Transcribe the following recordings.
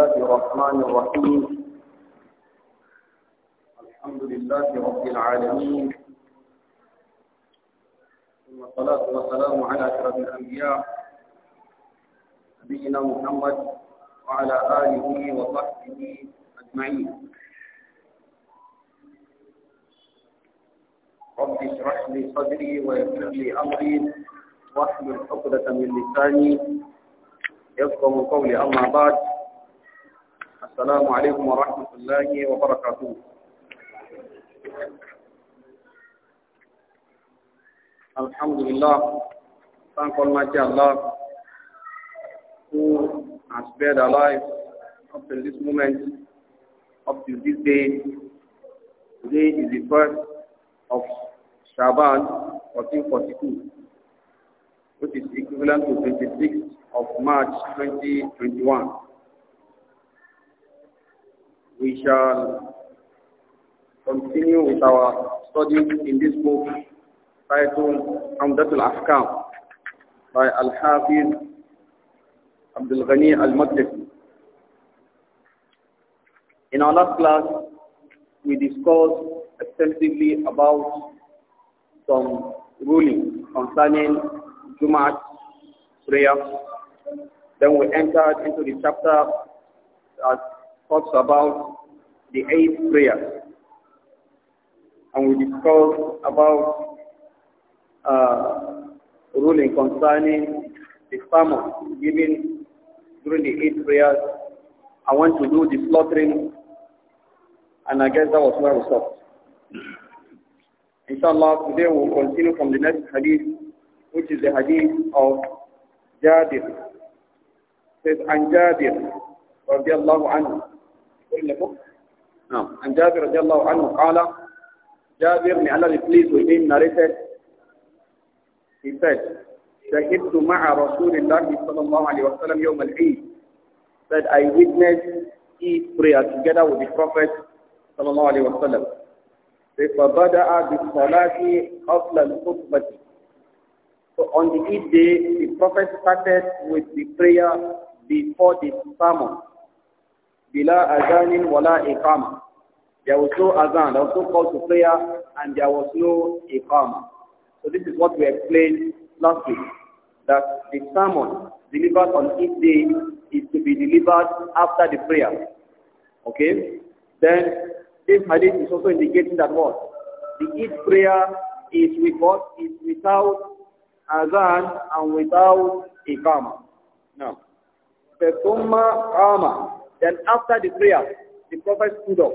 الله الرحمن الرحيم الحمد لله رب العالمين ثم الصلاة والسلام على أشرف الأنبياء نبينا محمد وعلى آله وصحبه أجمعين رب اشرح لي صدري ويسر لي أمري واحلل عقدة من لساني يفقه قولي أما بعد السلام عليكم ورحمة الله وبركاته Alhamdulillah, thank Almighty Allah who has spared our lives up to this moment, up to this day. Today is the first of Shaban 1442, which is equivalent to 26th of March 2021 we shall continue with our study in this book titled Hamdatul Ahkam by Al-Hafiz Abdul Ghani Al-Maqdisi. In our last class, we discussed extensively about some rulings concerning Jumat prayer. Then we entered into the chapter talks about the eight prayers. And we discussed about uh, ruling concerning the sermon given during the eight prayers. I want to do the slaughtering, and I guess that was where we stopped. Inshallah, today we'll continue from the next hadith, which is the hadith of Jadir. It says, Jadir, رضي الله عنه. لكم نعم عن جابر رضي الله عنه قال جابر with him شهدت مع رسول الله صلى الله عليه وسلم يوم العيد that I witnessed Eid prayer together with the Prophet صلى الله عليه وسلم فبدأ بالصلاة قبل الخطبة So on the Eid day, the Prophet started with the prayer before the sermon. There was no azan, there was no call to prayer, and there was no iqama. So this is what we explained last week, that the sermon delivered on each day is to be delivered after the prayer. Okay? Then this hadith is also indicating that what? The each prayer is with what? Is without azan and without iqama. Now, tuma قَامَ then after the prayer, the Prophet stood up.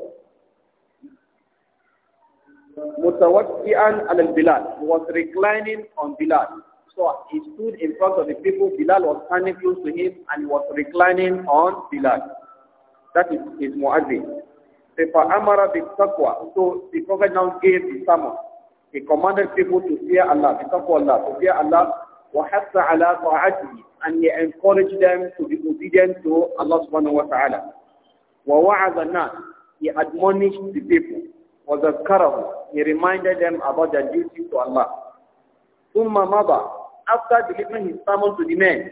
Mutawakki'an al-Bilal. was reclining on Bilal. So he stood in front of the people. Bilal was standing close to him and he was reclining on Bilal. That is his mu'adhin. So the Prophet now gave the sermon. He commanded people to fear Allah, to taqwa Allah, to fear Allah وحث على طاعته and he encouraged them to be obedient to Allah subhanahu wa ta'ala. ووعظ الناس he admonished the people. وذكرهم he reminded them about their duty to Allah. ثم مضى after delivering his sermon to the men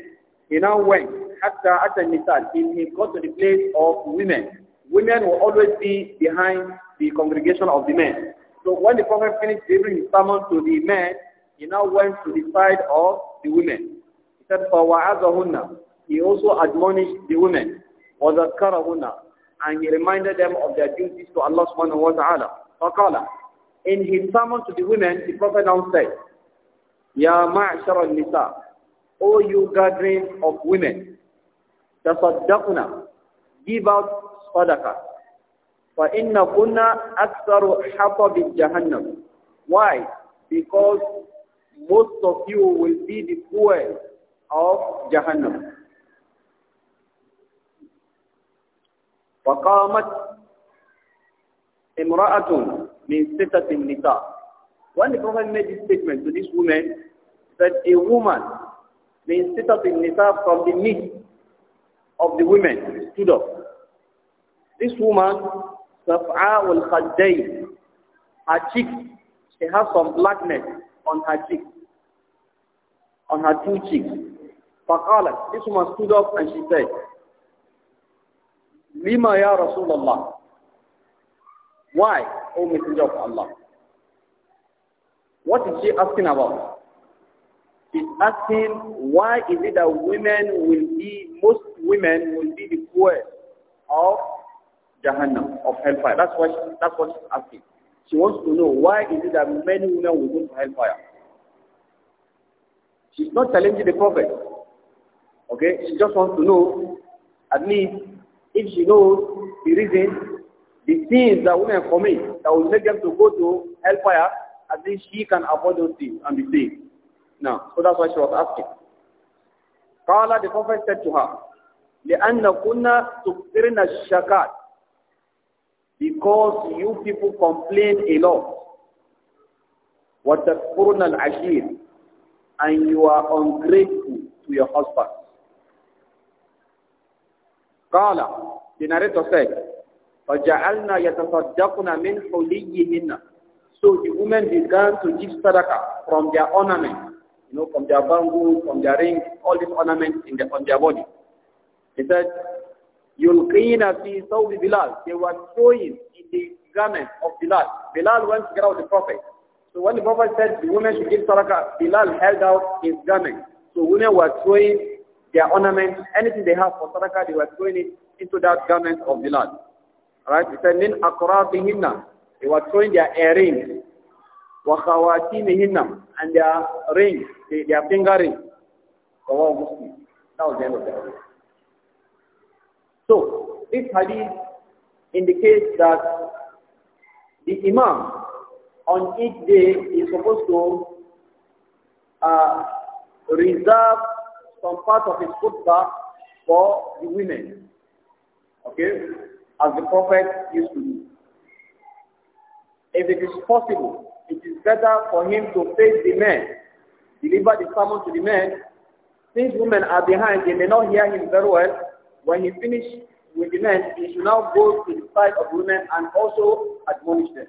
he now went حتى أتى النساء he got to the place of women. Women will always be behind the congregation of the men. So when the prophet finished delivering his sermon to the men, he now went to the side of the women. He said, فَوَعَذَهُنَّ He also admonished the women. وَذَكَّرَهُنَّ And he reminded them of their duties to Allah subhanahu wa ta'ala. فَقَالَ In his sermon to the women, the Prophet now said, يَا مَعْشَرَ النِّسَاء O you gathering of women, تَصَدَّقْنَا Give out sadaqah. فَإِنَّ كُنَّا أَكْثَرُ حَطَبِ جَهَنَّمُ Why? Because most of you will be the fuel of Jahannam. فقامت امرأة من ستة النساء When the Prophet made this statement to this woman, that a woman من ستة النساء from the midst of the women stood up. This woman, صفعاء الخدين, her cheeks, she has some blackness on her cheek, on her two cheeks. فقالت, this woman stood up and she said, Lima ya Rasulullah. Why, O Messenger of Allah? What is she asking about? She's asking, why is it that women will be, most women will be the poor of Jahannam, of hellfire? That's what, she, that's what she's asking. She wants to know why is it that many women will go to hellfire. She's not challenging the prophet. Okay, she just wants to know, at least, if she knows the reason, the things that women commit that will make them to go to hellfire, at least she can avoid those things and be saved. Now, so that's why she was asking. Kala, the prophet said to her, لأن كنا تكثرن الشكات because you people complain a lot. what the وَتَكْفُرُنَ الْعَشِيرِ And you are ungrateful to your husband. Kala, The narrator said, فَجَعَلْنَا يَتَصَدَّقُنَ مِنْ حُلِيِّهِنَّ So the women began to give sadaqah from their ornament, you know, from their bangles, from their rings, all these ornaments in their, on their body. He said, Yulqina fi sawbi Bilal. They were throwing in the garment of Bilal. Bilal went to get out the prophet. So when the prophet said the women should give sadaqah, Bilal held out his garment. So women were throwing their ornaments, anything they have for sadaqah, they were throwing it into that garment of Bilal. Alright, it said, min akratihinna. They were throwing their earrings. Wa khawatimihinna. And their ring, their finger rings. That was the end of that. So, this hadith indicates that the imam on each day is supposed to uh, reserve some part of his khutbah for the women. Okay? As the Prophet used to do. If it is possible, it is better for him to face the men, deliver the sermon to the men. Since women are behind, they may not hear him very well, when he finished with the men, he should now go to the side of women and also admonish them.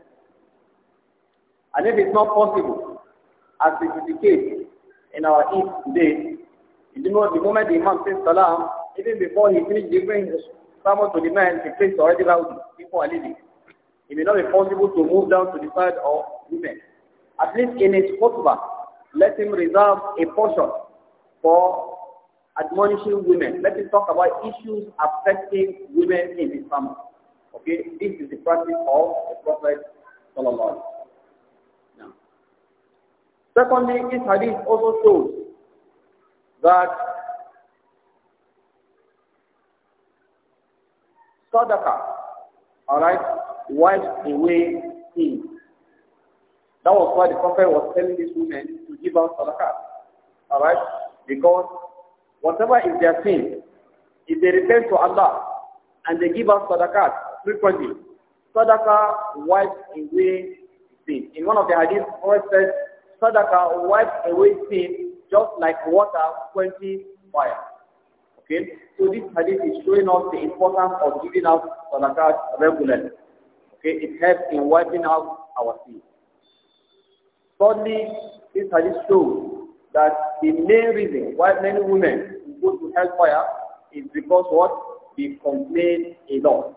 And if it's not possible, as it is the case in our East today, you know, the moment the Imam says salam, even before he finishes giving his sermon to the men, the place already loud. People are leaving. It may not be possible to move down to the side of women. At least in his khutbah, let him reserve a portion for admonishing women. Let us talk about issues affecting women in Islam. Okay, this is the practice of the Prophet Solomon. Now, secondly, this hadith also shows that sadaqah, all right, wipes away sin. That was why the Prophet was telling these women to give out sadaqah, all right, because Whatever is their sin, if they repent to Allah and they give us sadaqah frequently, sadaqah wipes away sin. In one of the hadiths, Prophet says, sadaqah wipes away sin just like water quenches fire. Okay? So this hadith is showing us the importance of giving out sadaqah regularly. Okay? It helps in wiping out our sin. Thirdly, this hadith shows that the main reason why many women go to hellfire is because what? They complain a lot.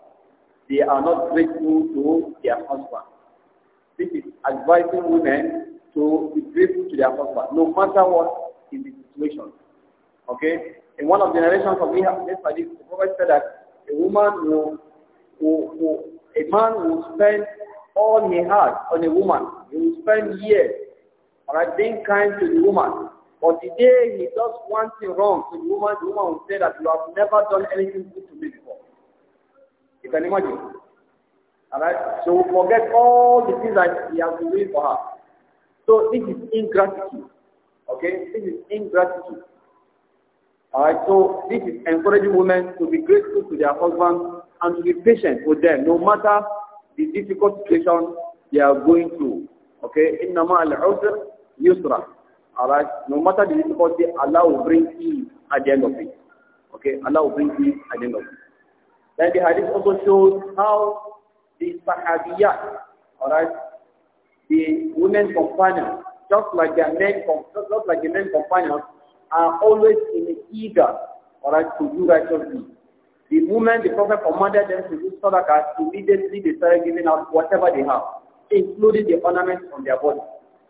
They are not grateful to their husband. This is advising women to be grateful to their husband, no matter what is the situation. Okay? In one of the narrations of this hadith, the Prophet said that a woman will, will, will, a man will spend all he has on a woman. He will spend years, alright, being kind to the woman. But today he does one thing wrong to the woman, the woman will say that you have never done anything good to me before. You can imagine. Alright? So we forget all the things that he has been doing for her. So this is ingratitude. Okay? This is ingratitude. Alright, so this is encouraging women to be grateful to their husbands and to be patient with them, no matter the difficult situation they are going through. Okay? إِنَّمَا الْعُسْرِ yusra. Alright? No matter the difficulty, Allah will bring ease at the end of it. Okay? Allah will bring ease at the end of it. Then the hadith also shows how the Sahabiyat, alright, the women companions, just like their men, just like the men companions, are always in eager, alright, to do righteousness. The women, the Prophet commanded them to do sadaqah, immediately they started giving out whatever they have, including the ornaments on their body.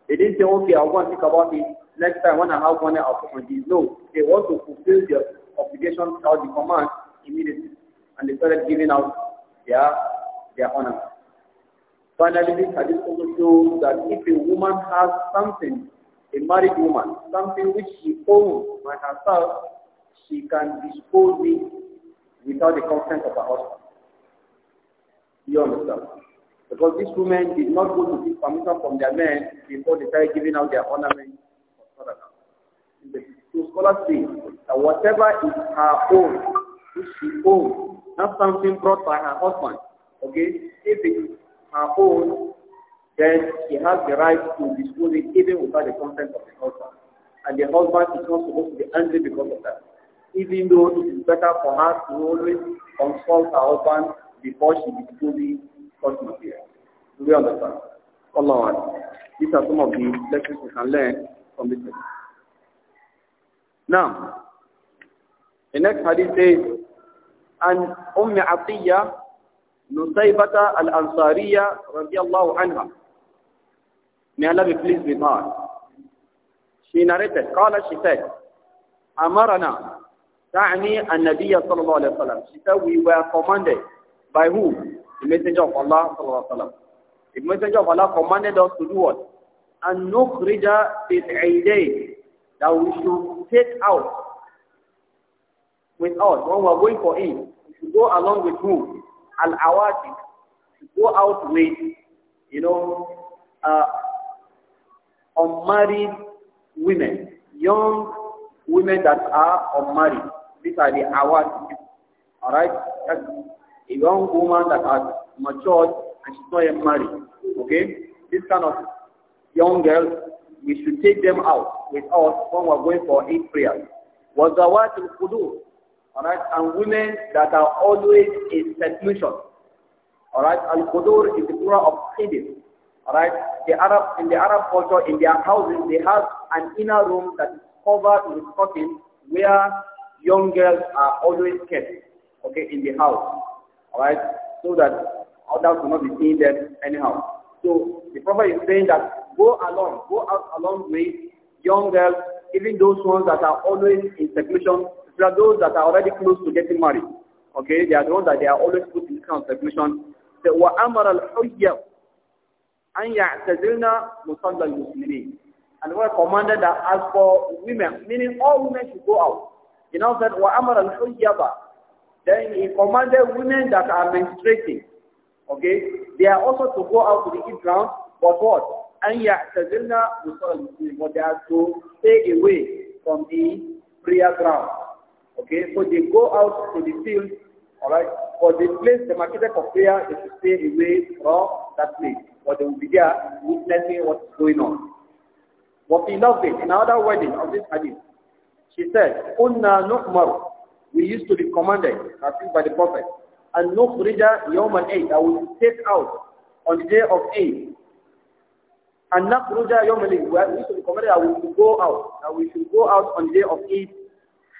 They didn't say, okay, i want to think about it next time when I have one of for this. No, they want to fulfill their obligation or the command immediately. And they started giving out their, their honor. Finally, this hadith also shows that if a woman has something, a married woman, something which she owns by herself, she can dispose it without the consent of her husband. You understand? Because these women did not go to seek permission from their men before they started giving out their ornaments So scholars say that whatever is her own, which she owns, not something brought by her husband, okay, if it is her own, then she has the right to dispose it even without the consent of the husband. And the husband is not supposed to be angry because of that. Even though it is better for her to always consult her husband before she disposes what you we understand? Allah. These are some of the lessons we can learn from this. Lesson. Now, the next hadith says, عن أم عطية نصيبة الأنصارية رضي الله عنها May Allah be pleased with her. She narrated, قال she said, أمرنا تعني النبي صلى الله عليه وسلم She said, we were commanded by whom? the messenger of Allah sallallahu alaihi The messenger of Allah commanded us to do what? And no is a day that we should take out with us when we are going for it, We should go along with who? Al awati. Go out with you know uh, unmarried women, young women that are unmarried. These are the awati. All right. That's a young woman that has matured and she's not yet married. Okay? This kind of young girls, we should take them out with us when we're going for eight prayers. Wazawat al-Qudur. Alright? And women that are always in seclusion. Alright? al Kudur is the plural of hidden. Alright? The Arab, in the Arab culture, in their houses, they have an inner room that is covered with curtains where young girls are always kept, okay, in the house. Alright? So that others will not be seeing them anyhow. So the Prophet is saying that go along, go out along with young girls, even those ones that are always in seclusion. There are those that are already close to getting married. Okay, they are the ones that they are always put in kind of seclusion. The وَأَمَرَ الْحُيَّةِ أَنْ يَعْتَزِلْنَ مُصَلَّى الْمُسْلِمِينَ And we Prophet commanded that as for women, meaning all women should go out. He now said, وَأَمَرَ الْحُيَّةِ then he commanded women that are menstruating, okay, they are also to go out to the ground, but what? And ya'tazilna but they are to stay away from the prayer ground. Okay, so they go out to the field, all right, for the place, the marketed for prayer, they should stay away from that place. But they will be there witnessing what's going on. What we love in another wedding of this hadith, she said, Unna nu'maru we used to be commanded by the Prophet, and no Nukhrija Yawm al-Eid, I will take out on the day of Eid. And Nakhruja Yawm al-Eid, we used to be commanded I we go out, that we should go out on the day of Eid.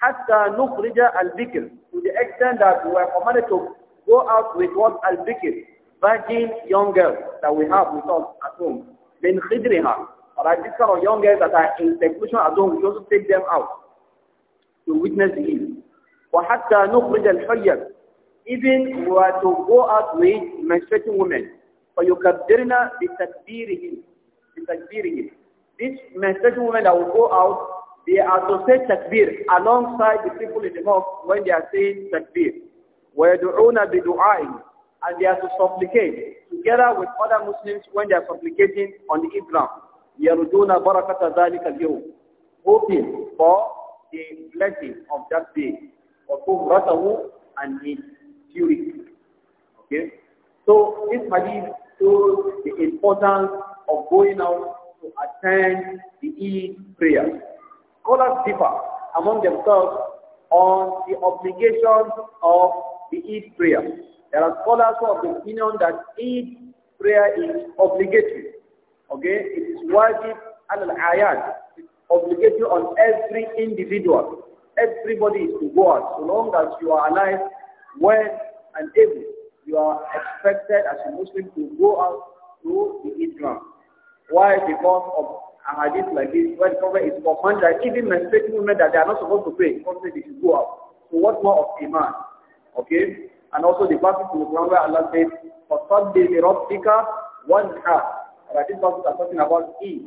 Hatta Nukhrija al-Bikr, to the extent that we are commanded to go out with what al-Bikr, virgin young girls that we have with us at home. Then Khidriha, alright, this kind of young girls that are in seclusion at home, we also take them out to witness the Eid. وحتى نخرج الحية al-hayy even were to go out with menstruating women فيكبرنا بتكبيرهم بتكبيرهم These menstruating women that will go out, they are to say takbir alongside the people in the mosque when they are saying takbir. وَيَدُعُونَ بِدُعَائِهِ And they are to supplicate together with other Muslims when they are supplicating on the Islam يَرُدُونَ بَرَكَةَ ذَلِكَ الْيَوْمِ Hoping for the blessing of that day. وطهرته and his purity. Okay? So this hadith shows the importance of going out to attend the Eid prayer. Scholars differ among themselves on the obligation of the Eid prayer. There are scholars who have the opinion that Eid prayer is obligatory. Okay? It is wajib al-ayat. It's obligatory on every individual everybody is to go out. So long as you are alive, well and able, you are expected as a Muslim to go out to the Islam. Why? Because of a hadith like this, where the Prophet is commanded that even menstruating women that they are not supposed to pray, Prophet they should go out. So what more of Iman? Okay? And also the verses in the Quran where Allah says, فَصَدِّ لِرَبِّكَ وَانْحَى Alright, this verse is talking about E.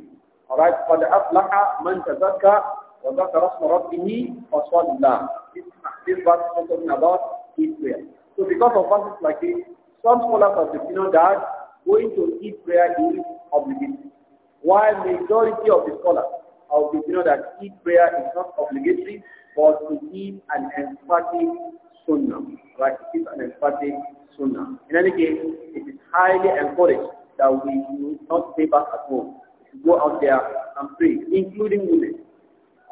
Alright, for فَدَ أَفْلَحَ man تَزَكَّى وَذَكَرَ اسْمَ رَبِّهِ فَصَلَّى This, verse is talking about eat prayer. So because of verses like this, some scholars of the Quran that going to eat prayer is obligatory. While majority of the scholars of the opinion that eat prayer is not obligatory, but to it is an emphatic sunnah. Right? It is an emphatic sunnah. In any case, it is highly encouraged that we do not stay back at home. go out there and pray, including women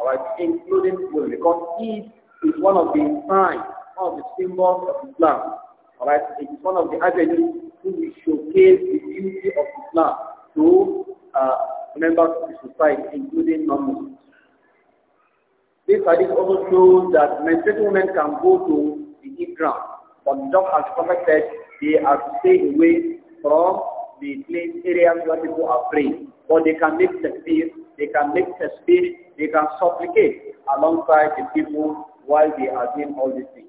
alright, including will because it is one of the signs, one of the symbols of Islam. Alright, it is one of the avenues to showcase the beauty of Islam to uh, members of the society, including non-Muslims. This hadith also shows that menstruating women can go to the heat ground, but just as Prophet said, they are to stay away from the place areas where people are praying, or they can make the they can make a speech. they can supplicate alongside the people while they are doing all these things.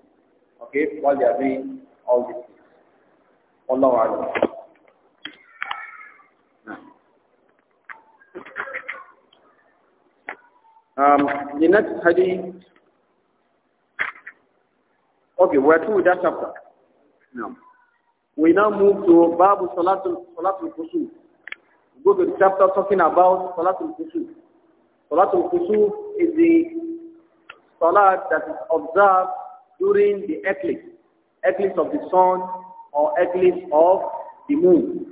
Okay, while they are doing all these things. Allah Alam. Um, the next hadith, okay, we're through with that chapter. No. We now move to Babu Salatul, Salatul Qusuf go to the chapter talking about Salatul Kusuf. Salatul Kusuf is the Salat that is observed during the eclipse. Eclipse of the sun or eclipse of the moon.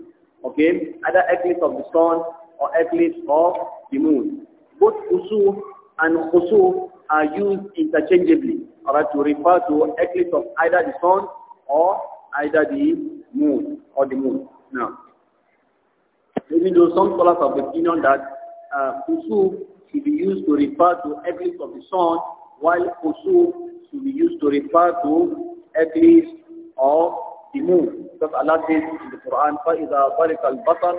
Okay? Either eclipse of the sun or eclipse of the moon. Both Kusuf and Kusuf are used interchangeably or to refer to eclipse of either the sun or either the moon or the moon. Now. Even though some scholars have the opinion that uh, should be used to refer to eclipse of the sun, while kusu should be used to refer to eclipse of the moon. Because Allah says in the Quran, فَإِذَا طَرِقَ الْبَطَرْ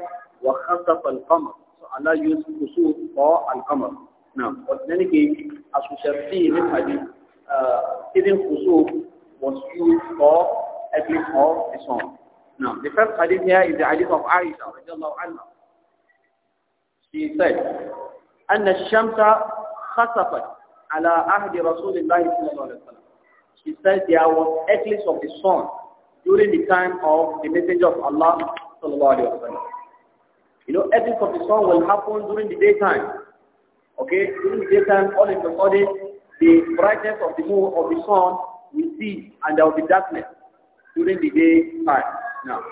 وَخَسَفَ الْقَمَرْ So Allah used kusu for Al-Qamar. Now, but in any case, as we shall see in this hadith, uh, even kusu was used for eclipse of the sun. Now, the first hadith here is the hadith of Aisha radiallahu anha. She said, أن الشمس خسفت على عهد رسول الله صلى الله عليه وسلم. She said there was eclipse of the sun during the time of the messenger of Allah الله عليه وسلم. You know, eclipse of the sun will happen during the daytime. Okay, during the daytime, all in the sudden, the brightness of the moon of the sun will cease, and there will be darkness during the daytime. Now,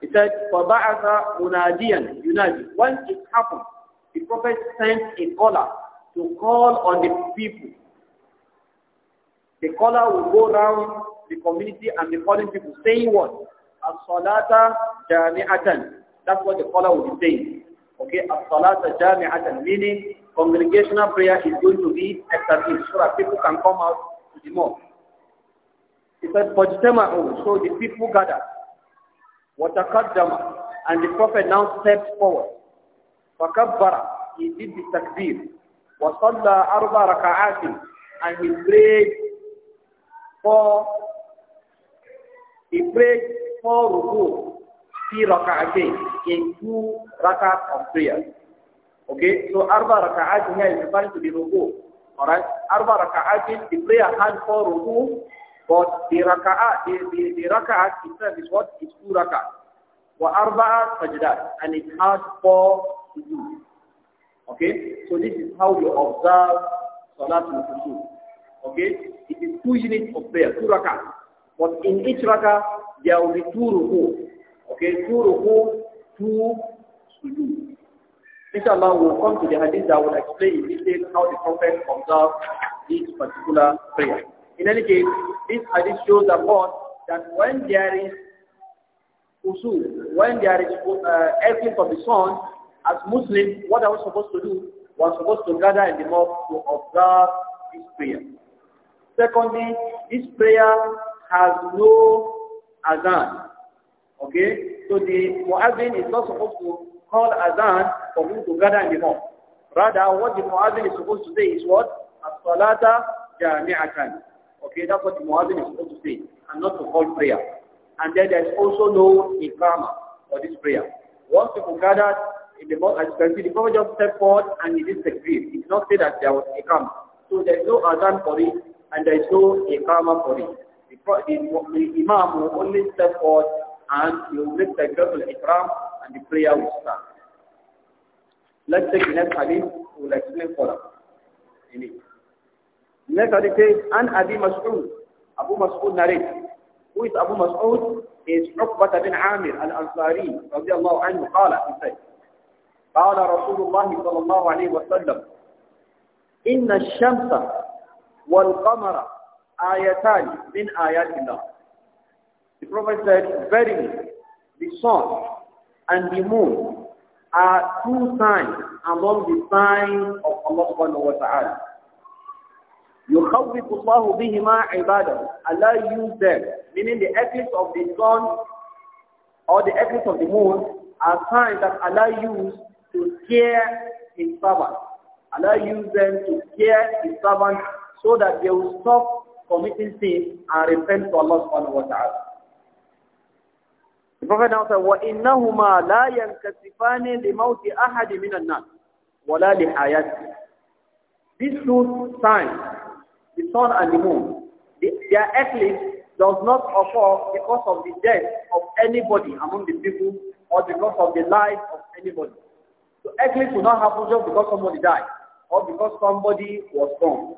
it said, فَبَعَثَ مُنَادِيًا يُنَادِي When it happened, the prophet sent a caller to call on the people. The caller will go around the community and the calling people, saying what? As-salata jami'atan. That's what the caller will be saying. Okay, as-salata jami'atan, meaning congregational prayer is going to be established so that people can come out to the mosque. He said, فَجْتَمَعُوا So the people gathered. Watakadama. And the Prophet now steps forward. Fakabbara. He did the takbir. the arba raka'atin. And he prayed for, he prayed for ruku. Fi raka'atin. In two raka'at of prayer. Okay, so arba raka'atin here is referring to the ruku. Alright, arba raka'atin, the prayer had four ruku. But the raka'at, the, the, the raka'at itself is what? It's two raka'at. Wa arba'at sajdat. And it has four units. Okay? So this is how you observe salat al-sujood. Okay? It is two units of prayer, two raka'at. But in each raka'at, there will be two ruku. Okay? Two ruku, two sujud. Inshallah, we'll come to the hadith that will explain in detail how the Prophet observed this particular prayer. In any case, this hadith shows the point that when there is usul, when there is uh, helping for the sun, as Muslims, what are we supposed to do? We are supposed to gather in the mosque to observe this prayer. Secondly, this prayer has no azan. Okay? So the muazin is not supposed to call azan for him to gather in the mosque. Rather, what the muazin is supposed to say is what? As-salata jami'atan. Okay, that's what the Muazzin is supposed to say, and not to call prayer. And then there's also no ikama for this prayer. Once people gathered in the mosque, as you can see, the Prophet just stepped forward and he did takbir. He did not say that there was ikama, So there is no Adhan for it, and there is no ikama for it. The, the, the Imam will only step forward and he will make the Gratul Ikram and the prayer will start. Let's take the next hadith, we'll explain further us. Next it says, An Abi Mas'ud, Abu Mas'ud narrates. Who is ابو Mas'ud? Is Uqbata bin Amir الانصاري رضي الله عنه qala, he قال رسول الله صلى الله عليه وسلم إن الشمس والقمر آيتان من آيات الله The Prophet said, Verily, the sun and the moon are two signs among the signs of Allah subhanahu wa ta'ala. يخوف الله بهما عباده Allah used them meaning the eclipse of the sun or the eclipse of the moon are signs that Allah used to scare his servants Allah used them to scare his servants so that they will stop committing sin and repent to Allah subhanahu wa ta'ala the Prophet now said, وَإِنَّهُمَا لَا يَنْكَسِفَانِ لِمَوْتِ أَحَدِ مِنَ النَّاسِ وَلَا لِحَيَاتِ These two signs the sun and the moon. their eclipse does not occur because of the death of anybody among the people or because of the life of anybody. So eclipse will not happen just because somebody died or because somebody was born.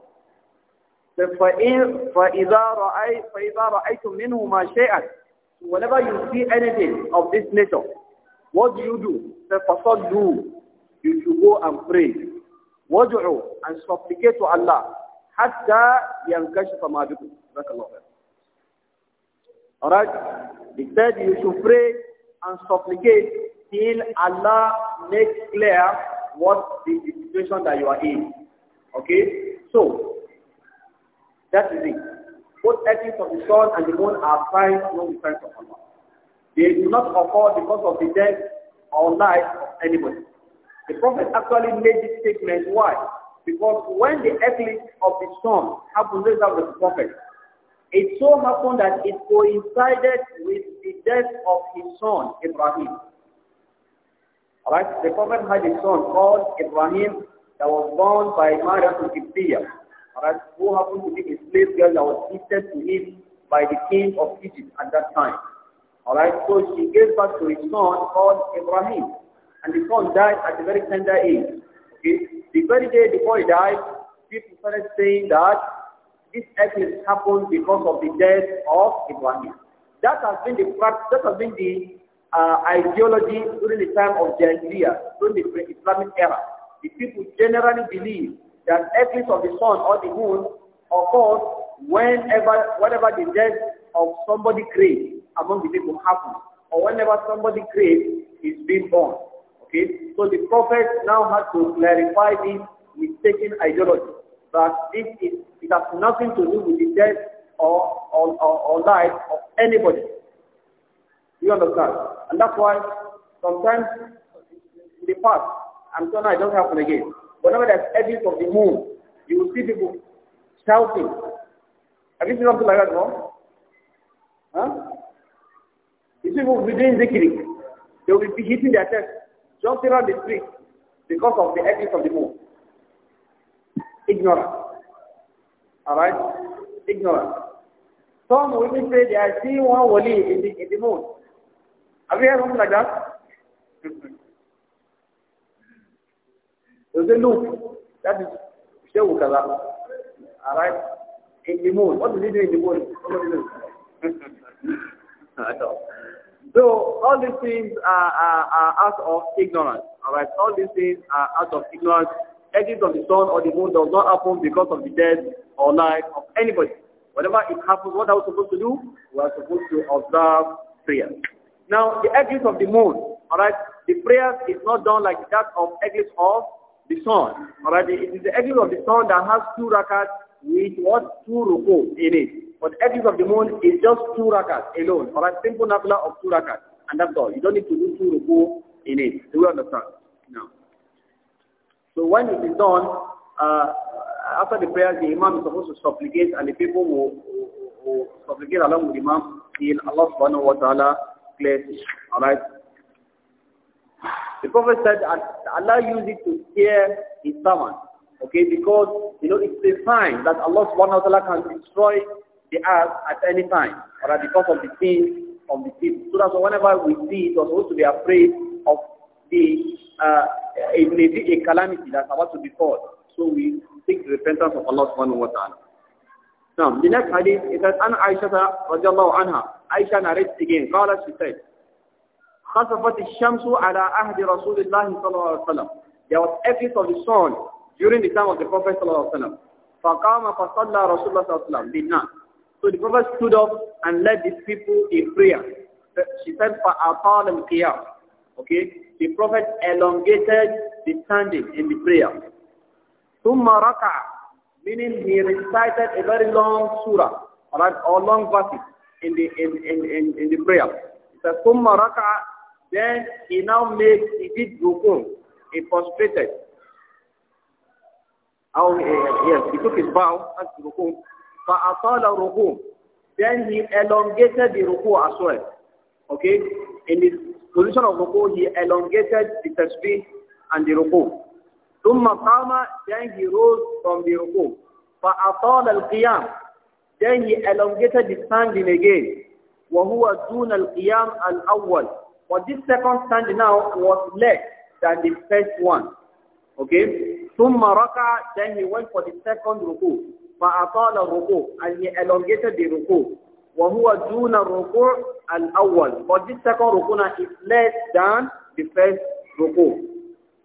So فَإِذَا Whenever you see anything of this nature, what do you do? So do, You should go and pray. وَدْعُوا And supplicate to Allah hatta yankashifa ma bikum. Barakallahu Alright? He said you should pray and supplicate till Allah makes clear what the situation that you are in. Okay? So, that is it. Both ethics of the sun and the moon are fine, no defense of Allah. They do not occur because of the death or life of anybody. The Prophet actually made this statement. Why? Because when the eclipse of the sun happened, raised up the prophet, it so happened that it coincided with the death of his son, Ibrahim. Alright, the prophet had a son called Ibrahim that was born by Maria to Kiptiya. Alright, who happened to be a slave girl that was gifted to him by the king of Egypt at that time. Alright, so she gave birth to a son called Ibrahim. And the son died at a very tender age. The very day before he died, people started saying that this eclipse happened because of the death of Ibrahim. That has been the that has been the uh, ideology during the time of Jahiliyyah, during the pre Islamic era. The people generally believe that eclipse of the sun or the moon occurs whenever whatever the death of somebody great among the people happens, or whenever somebody great is being born. So the prophet now had to clarify this mistaken ideology that this it has nothing to do with the death or, or, or, or life of anybody. You understand? And that's why sometimes in the past, I'm sure it doesn't happen again. Whenever there's evidence of the moon, you will see people shouting. Have you seen something like that before? Huh? You see people the zikri. They will be hitting their chest. Jumping around the street because of the edges of the moon. Ignorant, Alright? Ignorant. Some women say they are seeing one wali in the, in the moon. Have you heard something like that? they say, look, that is Shehu Kaza. Alright? In the moon. do they do in the moon? So all these things are, are, are out of ignorance. All right, all these things are out of ignorance. Exit of the sun or the moon does not happen because of the death or life of anybody. Whatever it happens, what are we supposed to do? We are supposed to observe prayer. Now, the eclipse of the moon, all right, the prayer is not done like that of eclipse of the sun. All right, it is the eclipse of the sun that has two rakats with what? Two ruku in it. But the eclipse of the moon is just two rakat alone, or a simple nafla of two rakat. And that's all. You don't need to do two ruku in it. Do you understand? No. So when it is done, uh, after the prayer, the imam is supposed to supplicate, and the people will, will, will supplicate along with the imam till Allah subhanahu wa ta'ala clears it. Alright? The Prophet said, Allah used it to scare his servants. Okay, because, you know, it's a sign that Allah subhanahu wa ta'ala can destroy the earth at any time, or right, because of the sins of the people. So that's why whenever we see it, we're supposed to be afraid of the, uh, a, a calamity that's about to befall. So we seek repentance of Allah subhanahu wa ta'ala. Now, the next hadith is that An Aisha radiallahu anha, Aisha narrates again, قالت she said, خصفت الشمس على عهد رسول الله صلى الله عليه وسلم. There was eclipse of the sun during the time of the Prophet ﷺ. فَقَامَ فَصَلَّى رَسُولُ So the Prophet stood up and led these people in prayer. She said, فَأَطَالَ الْقِيَامِ Okay? The Prophet elongated the standing in the prayer. ثُمَّ رَكَعَ Meaning he recited a very long surah, alright, or long verse in the, in, in, in, in the prayer. He said, ثُمَّ رَكَعَ Then he now made, he did rukun, he prostrated. Oh, yes, he took his bow, that's ruku. فَأَطَالَ ruku. Then he elongated the ruku as well. Okay? In his position of ruku, he elongated the tasbih and the ruku. ثُمَّ قَامَ Then he rose from the ruku. فَأَطَالَ الْقِيَامِ Then he elongated the standing again. وَهُوَ دُونَ الْقِيَامِ الْأَوَّلِ But this second standing now was less than the first one. Okay? ثم ركع then he went for the second ركوع فأطال الركوع and he elongated the ركوع وهو دون الركوع الأول but this second ركوع is less than the first ركوع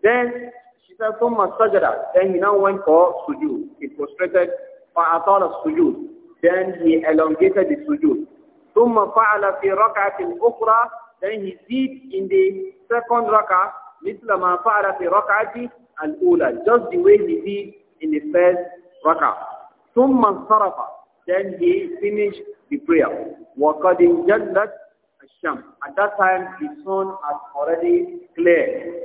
then she said ثم سجد then he now went for sujood he prostrated فأطال السجود then he elongated the sujood ثم فعل في ركعة أخرى then he did in the second ركعة مثل ما فعل في ركعته al-ula, just the way he did in the first rak'ah. ثم انصرف, then he finished the prayer. وَقَدْ انْجَلَّتْ الشَّمْسِ At that time, the sun had already cleared.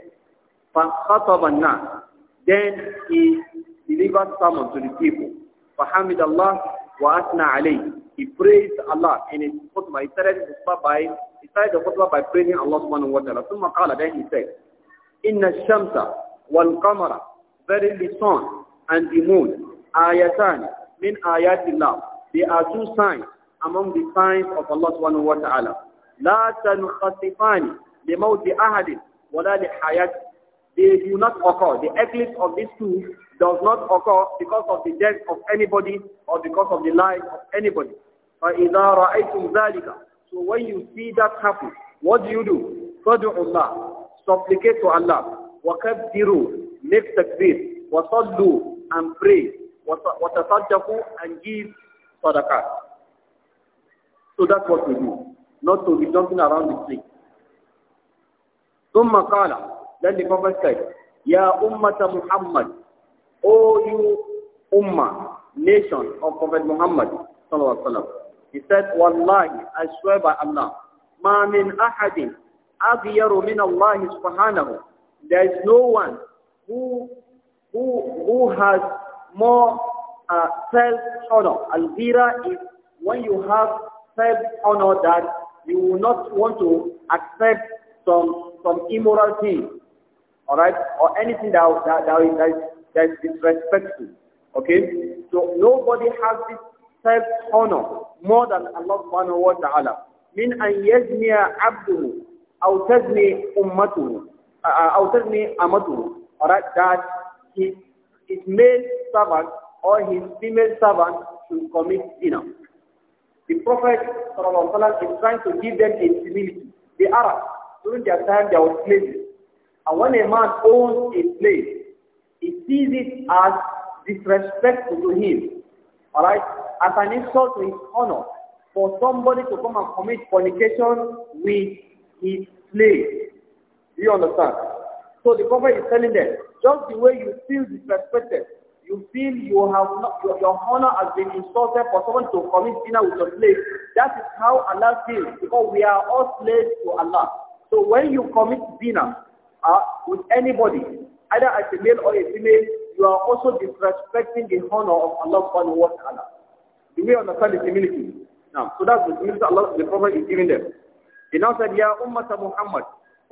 فَخَطَبَ النَّاسِ Then he delivered sermon to the people. فَحَمِدَ اللَّهِ وَأَثْنَى عَلَيْهِ He praised Allah in his khutbah. He started his khutbah by he started the khutbah by praising Allah subhanahu wa ta'ala. Summa qala, then he said, إن الشمس والقمر verily sun and the moon ayatan min ayatillah they are two signs among the signs of Allah subhanahu wa ta'ala لا تنخسفان لموت أحد ولا لحياة they do not occur the eclipse of these two does not occur because of the death of anybody or because of the life of anybody فإذا رأيتم ذلك so when you see that happen what do you do فدعوا الله supplicate to Allah وَكَبِّرُوا Make takbir. وَصَلُّوا And pray. وَتَصَدَّقُوا And give sadaqah. So that's what we do. Not to be jumping around the street. ثُمَّ قَالَ Then the Prophet said, يَا أُمَّةَ مُحَمَّدٍ O you ummah, nation of Prophet Muhammad sallallahu alaihi wasallam. He said, "Wallahi, I swear by Allah, ma min ahadin aghyaru min Allah subhanahu there is no one who who who has more uh, self honor. Al-ghira is when you have self honor that you will not want to accept some some immoral thing, all right, or anything that that, that, is, that is disrespectful. Okay, so nobody has this self honor more than Allah subhanahu wa taala. Min an يزني abduhu أو تزني أمته outed me Amadu, alright, that his, his male servant or his female servant should commit zina. The Prophet is trying to give them a civility. The Arabs, during their time, they were slaves. And when a man owns a slave, he sees it as disrespectful to him, alright, as an insult to his honor for somebody to come and commit fornication with his slave. Do you understand? So the Prophet is telling them, just the way you feel disrespected, you feel you have not, your, your honor has been insulted for someone to commit dinner with your slave. That is how Allah feels, because we are all slaves to Allah. So when you commit dinner uh, with anybody, either as a male or a female, you are also disrespecting the honor of Allah subhanahu what Allah. Do we understand the humility? Now, so that's the humility Allah, the Prophet is giving them. He now said, Ya Ummata Muhammad,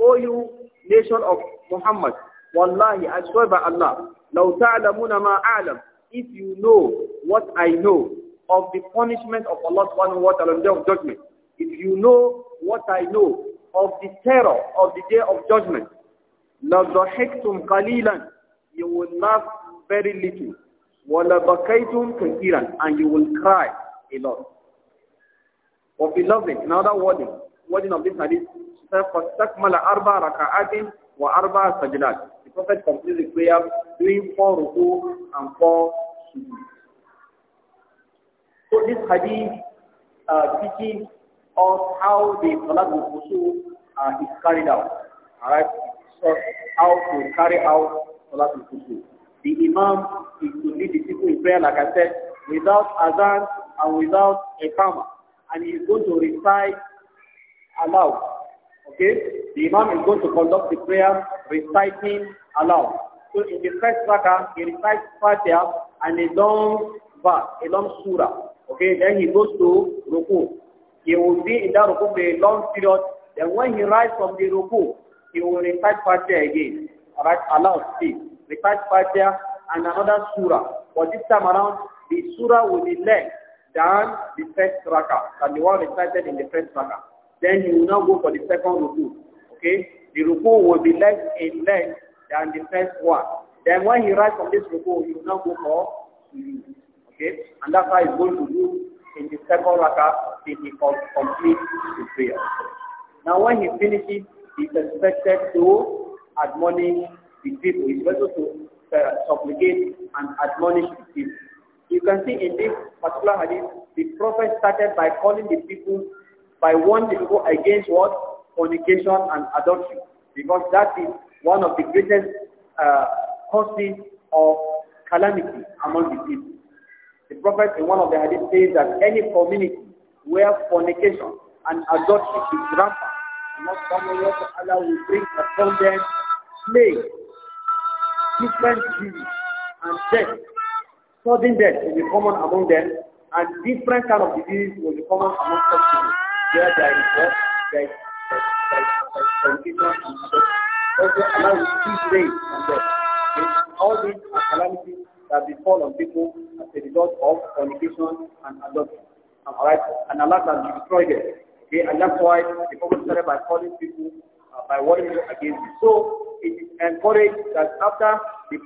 O you nation of Muhammad, Wallahi, I swear by Allah, لو تعلمون ما أعلم, if you know what I know of the punishment of Allah subhanahu wa ta'ala on the day of judgment, if you know what I know of the terror of the day of judgment, لَضَحِكْتُمْ قَلِيلًا You will laugh very little. وَلَبَكَيْتُمْ كَثِيرًا And you will cry a lot. Or beloved, another wording, wording of this hadith, himself فَاسْتَكْمَلَ أَرْبَعَ رَكَعَاتٍ وَأَرْبَعَ سَجْدَاتٍ The Prophet completed the prayer doing four ruku and four sujood. So this hadith uh, teaches us how the salat al-khusu uh, is carried out. Alright? So how to carry out salat al-khusu. The imam is to lead the people in prayer, like I said, without azan and without a kama. And he is going to recite aloud Okay? The Imam is going to conduct the prayer reciting aloud. So in the first rakah, he recites Fatiha and a long verse, a long surah. Okay, then he goes to ruku. He will be in that ruku for a long period. Then when he rises from the ruku, he will recite Fatiha again. Alright, aloud, see. Recite Fatiha and another surah. But this time around, the surah will be less than the first rakah, than the one recited in the first rakah then you will not go for the second ruku. Okay? The ruku will be less in length than the first one. Then when he writes from this ruku, he will not go for mm, Okay? And that's why he's going to do in the second raka till he completes the prayer. Now when he finishes, he's expected to admonish the people. He's supposed to uh, supplicate and admonish the people. You can see in this particular hadith, the Prophet started by calling the people by to go against what? Fornication and adultery. Because that is one of the greatest uh, causes of calamity among the people. The Prophet in one of the hadith says that any community where fornication and adultery is rampant, not Allah will bring upon them plague, different diseases, and death. Sudden death will be common among them, and different kind of diseases will be common among such people. All these calamities that befall on people as a result of and adultery. Alright, and Allah has destroyed Okay, and that's why the by calling people, by warning against it. So it is encouraged that after the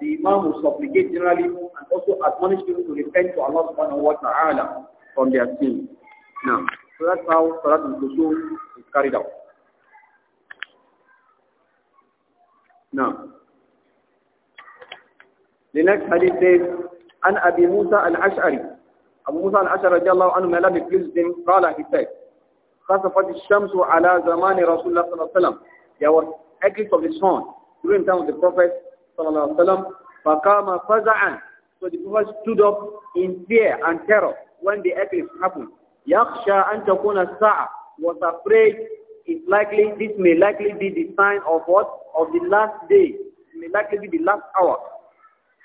the Imam will supplicate generally and also admonish people to repent to Allah subhanahu wa ta'ala from their sins. Now. So that's how Salat al-Kusur is carried out. Now, the next hadith says, عن أبي موسى الأشعري أبو موسى الأشعري رضي الله عنه ملا بفلسطين قال he said خسفت الشمس على زمان رسول الله صلى الله عليه وسلم there was eclipse of the sun during time of the prophet صلى الله عليه وسلم فقام فزعا so the prophet stood up in fear and terror when the eclipse happened Yaksha and takuna sa'a was afraid It likely, this may likely be the sign of what? Of the last day. It may likely be the last hour.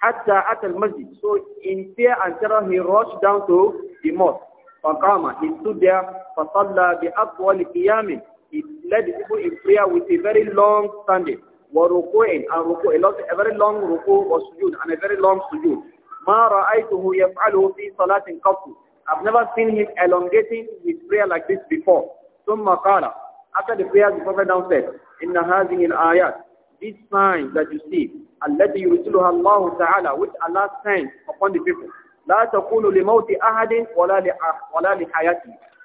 Hatta at al-masjid. So in fear and terror, he rushed down to the mosque. Faqama, he stood there. Fasalla bi aqwal qiyam. He led the people in prayer with a very long standing. Wa ruku'in, and ruku, a, lot, a very long ruku was sujud and a very long sujud. Ma ra'aytuhu yaf'aluhu fi salatin qattu. I've never seen him elongating his prayer like this before. So Makara, after the prayer the Prophet now said إن in Ayat, these signs that you see Allah يرسلها الله تعالى which Allah sent upon the people لا تكون لموت أحد ولا ولا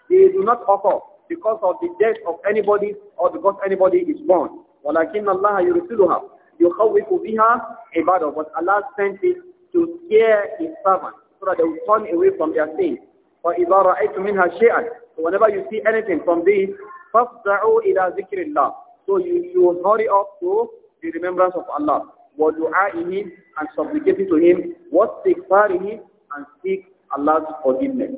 they do not offer because of the death of anybody or because anybody is born ولكن الله يرسلها يخوف بها عباده but Allah sent it to scare his servants so that they will turn away from their sins فَإِذَا مِنْهَا شَيْئًا whenever you see anything from this, فَافْدَعُوا إِلَى ذِكْرِ اللَّهِ So you, you hurry up to the remembrance of Allah. وَدُعَائِهِ And supplicate to Him. Him And seek Allah's forgiveness.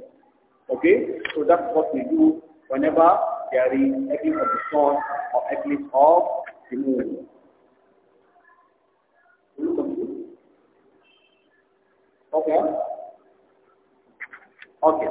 Okay? So that's what we do whenever there is eclipse of the sun or eclipse of the moon. Okay? Okay.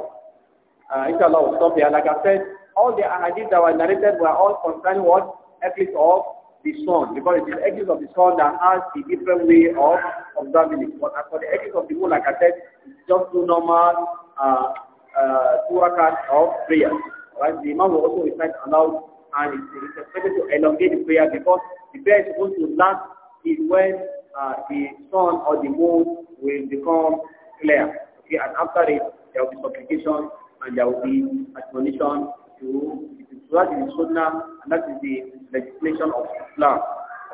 Uh, inshallah, we'll stop here. Like I said, all the ahadith that were narrated were all concerning what? Eclipse of the sun. Because it is the eclipse of the sun that has a different way of observing it. But as for the eclipse of the moon, like I said, it's just two normal uh, uh, two of prayer. Right? The Imam will also recite aloud and it's, expected to elongate the prayer because the prayer is supposed to last is when uh, the sun or the moon will become clear. Okay, and after it, there will be supplication, and there will be admonition to the so the Sunnah, and that is the legislation of Islam.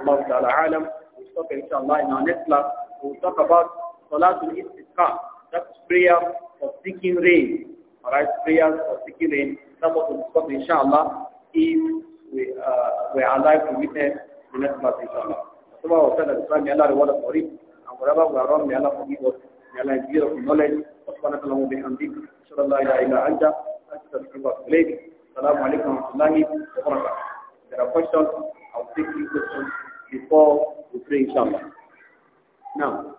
Allah Ta'ala Alam, we will talk inshallah in our next class, we will talk about Salatul Istisqa, that's prayer for seeking rain. Alright, prayer for seeking rain. That's what we'll discuss inshallah if we, uh, we are alive to witness the next class inshallah. Subhanahu wa ta'ala, may Allah reward us for it, and whatever we are wrong, may Allah forgive us. May Allah give us knowledge. سبحانك اللهم أشهد أن لا إلا أنت أستغفرك وأتوب إليك السلام عليكم ورحمة الله وبركاته There are questions. I'll take these questions before we pray inshallah. Now,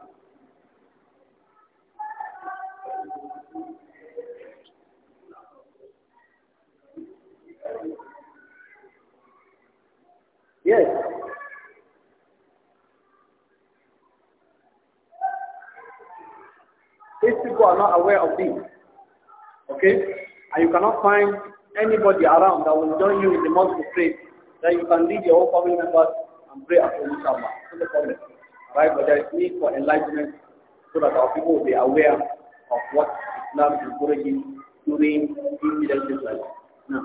not aware of this. Okay? And you cannot find anybody around that will join you in the mosque to pray, that you can lead your whole family members and pray after inshallah. the problem. Right? But there is need for enlightenment so that our people will be aware of what Islam is encouraging during incidences like this. Now,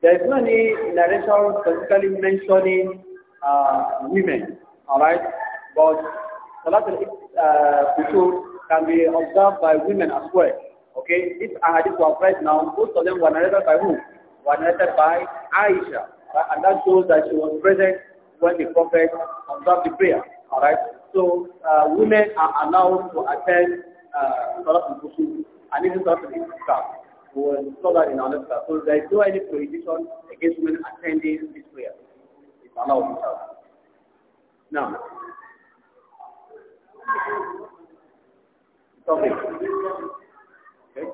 There is no any narration specifically mentioning uh, women, alright? But Salat al-Qusur uh, can be observed by women as well, okay? This ahadith were right now, most of them were narrated by who? Were narrated by Aisha, right? and that shows that she was present when the Prophet observed the prayer, alright? So uh, women are allowed to attend uh, Salat al and even Salat al-Istisqa was in So there is no any prohibition against women attending this prayer. If allowed. will help. Now, topic. Okay.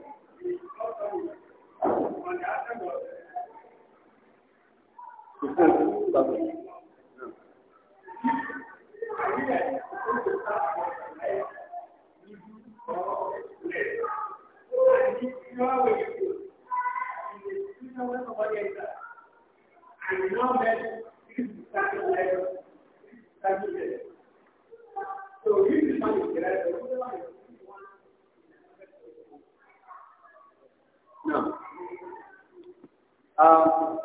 Topic. No. you are when you do. You know when somebody is that. And you know that this is second level. This is starting level. So you this one is the right level, the one No. Um,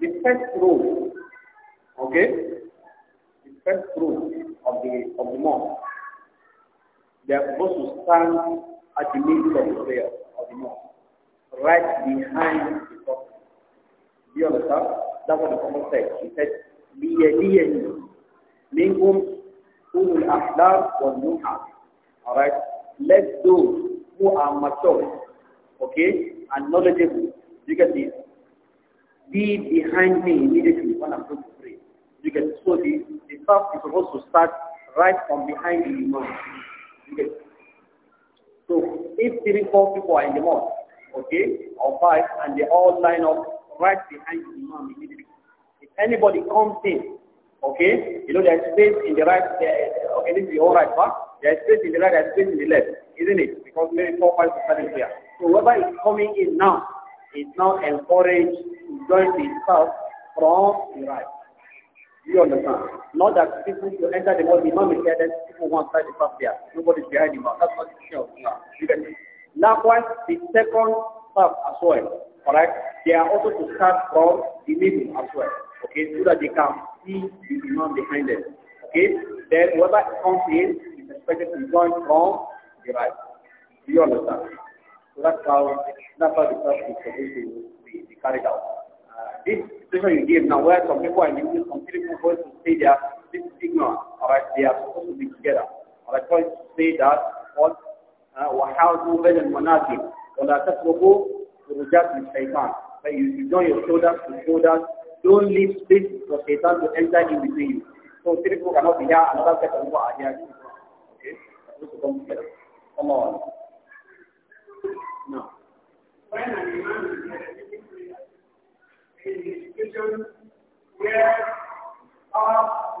the first rule, okay, the first rule of the of the month they are supposed to stand at the middle of the prayer of the mosque, right behind the prophet. Do you understand? That's what the prophet said. He said, لِيَلِيَنِي مِنْهُمْ أُولُو الْأَحْلَامِ وَالنُّحَى Alright? Let those who are mature, okay, and knowledgeable, you get this, be behind me immediately when I'm going to pray. You get so the, the staff is supposed to start right from behind the imam. So if three, four people are in the mosque, okay, or five, and they all line up right behind the imam immediately. If anybody comes in, okay, you know there's space in the right, there, okay, this is your all right, back, there's space in the right, there's space in the left, isn't it? Because maybe four, five are standing here. So whoever is coming in now is now encouraged to join the staff from the right. You understand? Not that people should enter the mosque, imam is there, people one side is up there. Nobody's behind him. That's not the of Likewise, the second part as well. Alright? They are also to start from the middle as well. Okay? So that they can see the Imam behind them. Okay? Then whatever comes in is expected to join from the right. Do you understand? So that's how, that's how the first is supposed to be, be carried out. Uh, this situation you give now where some people are in English, some people going to stay there this ignorant. All right, they are supposed to be together. All right, trying to say that what وَحَاذُوا بَيْنَ الْمَنَاكِبِ وَلَا تَسْلُقُوا فُرُجَاتِ الشَّيْطَان But you join your shoulders to shoulders. Don't leave space for Satan to enter in between you. So three people cannot be here, another set of people are here. Okay? Those come together. Come on. No. When an imam is in a situation where are uh,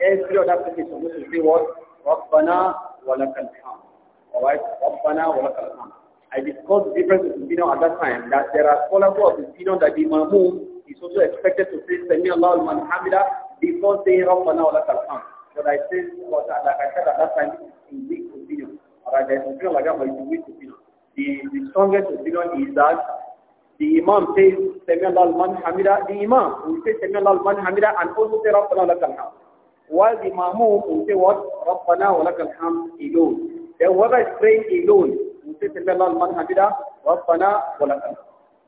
Every other person is supposed to say what? Rabbana walakal Alright? Rabbana walakal I discussed the difference between Bidon at that time, that there are scholars who have Bidon that the Imam is also expected to say Sami Allah al Hamida before saying Rabbana walakal hamd. But I said, but uh, like I said at that time, in weak opinion. Alright, there's opinion like that, but it's weak opinion. The, the strongest opinion is that the Imam says Sami Allah al Hamida, the Imam will say Sami Allah al Hamida and also say Rabbana walakal hamd. While the Mahmoud will say what? رَبَّنَا وَلَكَ الْحَمْدُ alone. Then whoever is praying alone will say سَمِعَ اللَّهُ لِمَنْ Rabbana رَبَّنَا وَلَكَ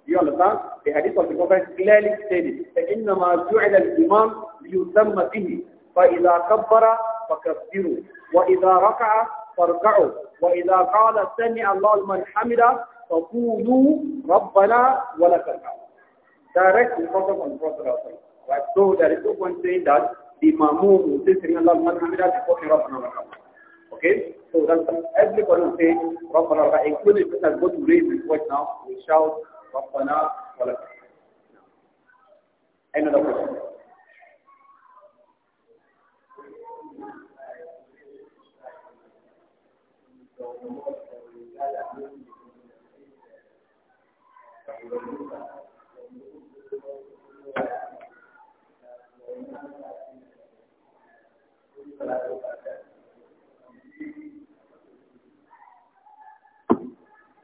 You understand? The hadith of the Prophet clearly stated فَإِنَّمَا جُعِلَ الْإِمَامُ لِيُتَمَّ بِهِ فَإِذَا كَبَّرَ فَكَبِّرُوا وَإِذَا رَكَعَ فَارْكَعُوا وَإِذَا قَالَ سَمِعَ اللَّهُ لِمَنْ حَمِدَهُ فَقُولُوا رَبَّنَا وَلَكَ الْحَمْدُ Direct from the Prophet Right? So there is no point saying that Imamum, okay, So that's everybody say Rabbana including if I to raise his voice now, we shout Rabbana Rabba. Another question. Thank you.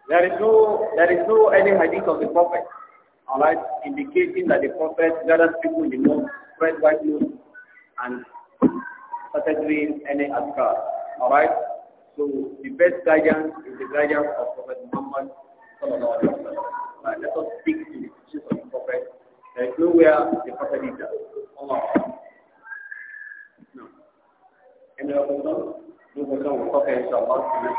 There is no there is no any hadith of the Prophet, alright, indicating that the Prophet gathered people in the north, spread white clothes, and started doing any askar. Alright? So the best guidance is the guidance of Prophet Muhammad Right, let us stick to the teachings of the Prophet. There is nowhere the Prophet is. Allah. ẹni ọkùnrin ló gbọ́dọ̀ wò kọ́kẹ́ ìṣọ̀kan sílẹ̀